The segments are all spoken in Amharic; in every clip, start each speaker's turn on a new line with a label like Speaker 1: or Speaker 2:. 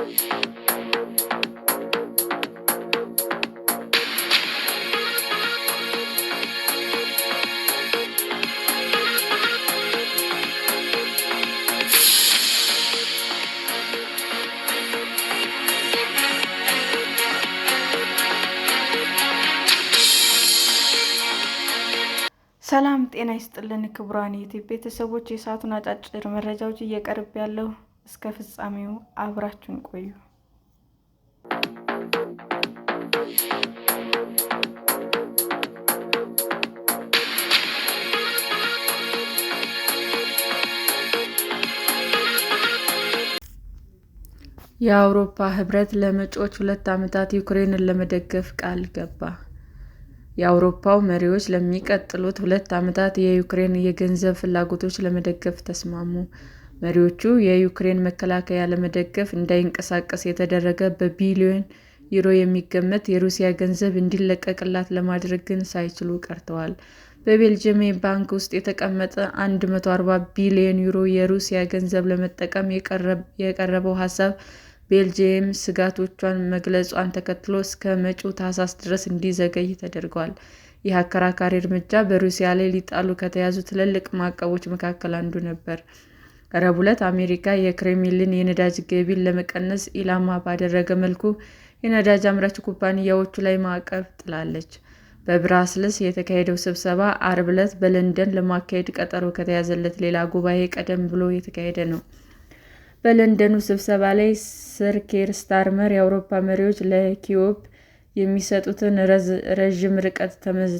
Speaker 1: ሰላም ጤና ይስጥልን ክቡራን ዩቲዩብ ቤተሰቦች፣ የሰዓቱን አጫጭር መረጃዎች እየቀርብ ያለው እስከ ፍጻሜው አብራችን ቆዩ። የአውሮፓ ህብረት ለመጪዎች ሁለት ዓመታት ዩክሬንን ለመደገፍ ቃል ገባ። የአውሮፓው መሪዎች ለሚቀጥሉት ሁለት ዓመታት የዩክሬን የገንዘብ ፍላጎቶች ለመደገፍ ተስማሙ። መሪዎቹ የዩክሬን መከላከያ ለመደገፍ እንዳይንቀሳቀስ የተደረገ በቢሊዮን ዩሮ የሚገመት የሩሲያ ገንዘብ እንዲለቀቅላት ለማድረግ ግን ሳይችሉ ቀርተዋል። በቤልጅየም ባንክ ውስጥ የተቀመጠ 140 ቢሊዮን ዩሮ የሩሲያ ገንዘብ ለመጠቀም የቀረበው ሀሳብ ቤልጅየም ስጋቶቿን መግለጿን ተከትሎ እስከ መጪው ታህሳስ ድረስ እንዲዘገይ ተደርጓል። ይህ አከራካሪ እርምጃ በሩሲያ ላይ ሊጣሉ ከተያዙ ትልልቅ ማዕቀቦች መካከል አንዱ ነበር። ከረቡዕ ዕለት አሜሪካ የክሬምሊን የነዳጅ ገቢን ለመቀነስ ኢላማ ባደረገ መልኩ የነዳጅ አምራች ኩባንያዎቹ ላይ ማዕቀብ ጥላለች። በብራስልስ የተካሄደው ስብሰባ አርብ ዕለት በለንደን ለማካሄድ ቀጠሮ ከተያዘለት ሌላ ጉባኤ ቀደም ብሎ የተካሄደ ነው። በለንደኑ ስብሰባ ላይ ሰር ኬር ስታርመር የአውሮፓ መሪዎች ለኪዮፕ የሚሰጡትን ረዥም ርቀት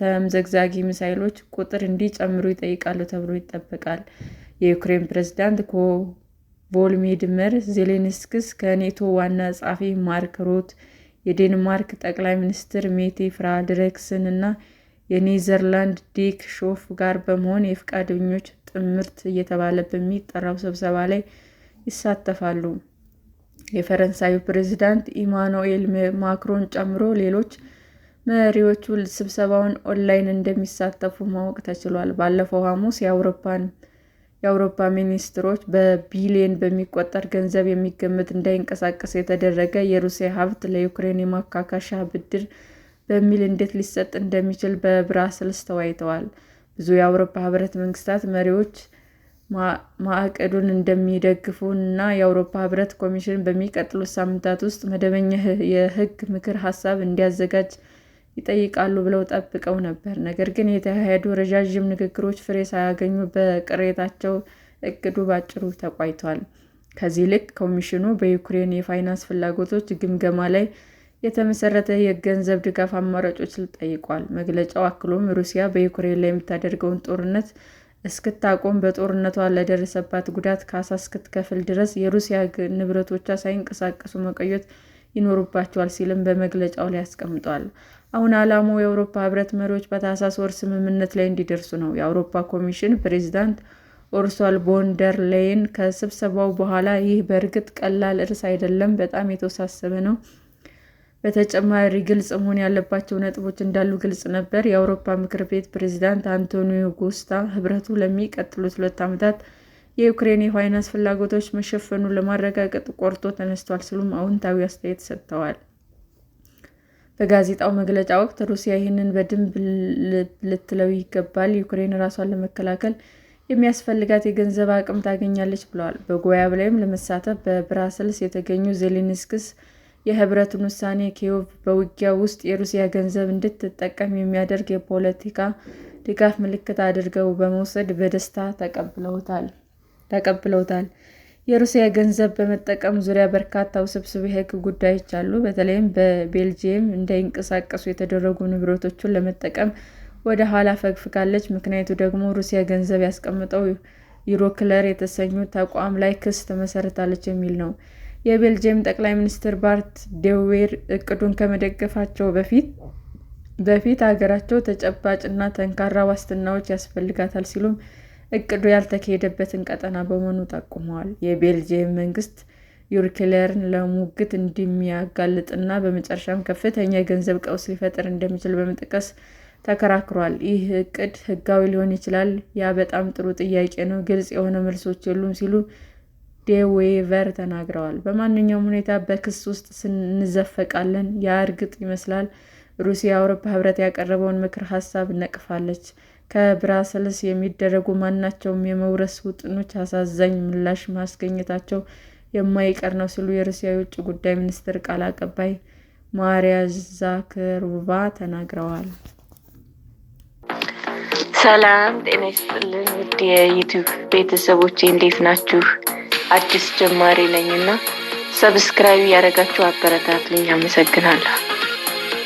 Speaker 1: ተምዘግዛጊ ሚሳይሎች ቁጥር እንዲጨምሩ ይጠይቃሉ ተብሎ ይጠበቃል። የዩክሬን ፕሬዝዳንት ቮሎዲሚር ዜሌንስኪ ከኔቶ ዋና ጸሐፊ ማርክ ሩት፣ የዴንማርክ ጠቅላይ ሚኒስትር ሜቴ ፍራድሪክስን እና የኔዘርላንድ ዲክ ሾፍ ጋር በመሆን የፈቃደኞች ጥምረት እየተባለ በሚጠራው ስብሰባ ላይ ይሳተፋሉ። የፈረንሳዩ ፕሬዝዳንት ኢማኑኤል ማክሮን ጨምሮ ሌሎች መሪዎቹ ስብሰባውን ኦንላይን እንደሚሳተፉ ማወቅ ተችሏል። ባለፈው ሐሙስ የአውሮፓን የአውሮፓ ሚኒስትሮች በቢሊየን በሚቆጠር ገንዘብ የሚገመት እንዳይንቀሳቀስ የተደረገ የሩሲያ ሀብት ለዩክሬን የማካካሻ ብድር በሚል እንዴት ሊሰጥ እንደሚችል በብራሰልስ ተወያይተዋል። ብዙ የአውሮፓ ህብረት መንግስታት መሪዎች ማዕቀዱን እንደሚደግፉ እና የአውሮፓ ህብረት ኮሚሽን በሚቀጥሉት ሳምንታት ውስጥ መደበኛ የህግ ምክር ሀሳብ እንዲያዘጋጅ ይጠይቃሉ ብለው ጠብቀው ነበር። ነገር ግን የተካሄዱ ረዣዥም ንግግሮች ፍሬ ሳያገኙ በቅሬታቸው እቅዱ ባጭሩ ተቋይቷል። ከዚህ ይልቅ ኮሚሽኑ በዩክሬን የፋይናንስ ፍላጎቶች ግምገማ ላይ የተመሰረተ የገንዘብ ድጋፍ አማራጮች ጠይቋል። መግለጫው አክሎም ሩሲያ በዩክሬን ላይ የምታደርገውን ጦርነት እስክታቆም በጦርነቷ ለደረሰባት ጉዳት ካሳ እስክትከፍል ድረስ የሩሲያ ንብረቶቿ ሳይንቀሳቀሱ መቆየት ይኖሩባቸዋል ሲልም በመግለጫው ላይ አስቀምጧል። አሁን ዓላማው የአውሮፓ ህብረት መሪዎች በታህሳስ ወር ስምምነት ላይ እንዲደርሱ ነው። የአውሮፓ ኮሚሽን ፕሬዚዳንት ኡርሱላ ቮን ደር ከስብሰባው በኋላ ይህ በእርግጥ ቀላል እርስ አይደለም፣ በጣም የተወሳሰበ ነው። በተጨማሪ ግልጽ መሆን ያለባቸው ነጥቦች እንዳሉ ግልጽ ነበር። የአውሮፓ ምክር ቤት ፕሬዚዳንት አንቶኒዮ ጎስታ ህብረቱ ለሚቀጥሉት ሁለት ዓመታት የዩክሬን የፋይናንስ ፍላጎቶች መሸፈኑን ለማረጋገጥ ቆርጦ ተነስቷል ሲሉም አዎንታዊ አስተያየት ሰጥተዋል። በጋዜጣው መግለጫ ወቅት ሩሲያ ይህንን በደንብ ልትለው ይገባል፣ ዩክሬን ራሷን ለመከላከል የሚያስፈልጋት የገንዘብ አቅም ታገኛለች ብለዋል። በጉባኤው ላይም ለመሳተፍ በብራሰልስ የተገኙ ዜሌንስኪስ የህብረቱን ውሳኔ ኪየቭ በውጊያ ውስጥ የሩሲያ ገንዘብ እንድትጠቀም የሚያደርግ የፖለቲካ ድጋፍ ምልክት አድርገው በመውሰድ በደስታ ተቀብለውታል። ተቀብለውታል። የሩሲያ ገንዘብ በመጠቀም ዙሪያ በርካታ ውስብስብ የሕግ ጉዳዮች አሉ። በተለይም በቤልጅየም እንዳይንቀሳቀሱ የተደረጉ ንብረቶችን ለመጠቀም ወደ ኋላ ፈግፍጋለች። ምክንያቱ ደግሞ ሩሲያ ገንዘብ ያስቀምጠው ዩሮክለር የተሰኙ ተቋም ላይ ክስ ተመስርታለች የሚል ነው። የቤልጅየም ጠቅላይ ሚኒስትር ባርት ዴዌር እቅዱን ከመደገፋቸው በፊት በፊት ሀገራቸው ተጨባጭና ጠንካራ ዋስትናዎች ያስፈልጋታል ሲሉም እቅዱ ያልተካሄደበትን ቀጠና በመሆኑ ጠቁመዋል። የቤልጅየም መንግሥት ዩክሬንን ለሙግት እንደሚያጋልጥና በመጨረሻም ከፍተኛ የገንዘብ ቀውስ ሊፈጥር እንደሚችል በመጥቀስ ተከራክሯል። ይህ እቅድ ሕጋዊ ሊሆን ይችላል? ያ በጣም ጥሩ ጥያቄ ነው። ግልጽ የሆኑ መልሶች የሉም ሲሉ ዴዌቨር ተናግረዋል። በማንኛውም ሁኔታ በክስ ውስጥ እንዘፈቃለን። ያ እርግጥ ይመስላል ሩሲያ የአውሮፓ ህብረት ያቀረበውን ምክር ሀሳብ ነቅፋለች። ከብራሰልስ የሚደረጉ ማናቸውም የመውረስ ውጥኖች አሳዛኝ ምላሽ ማስገኘታቸው የማይቀር ነው ሲሉ የሩሲያ የውጭ ጉዳይ ሚኒስቴር ቃል አቀባይ ማሪያ ዛካሮቫ ተናግረዋል።
Speaker 2: ሰላም ጤና ይስጥልን ውድ የዩቲዩብ ቤተሰቦች እንዴት ናችሁ? አዲስ ጀማሪ ነኝና ሰብስክራይብ ያደረጋችሁ አበረታቱኝ። አመሰግናለሁ።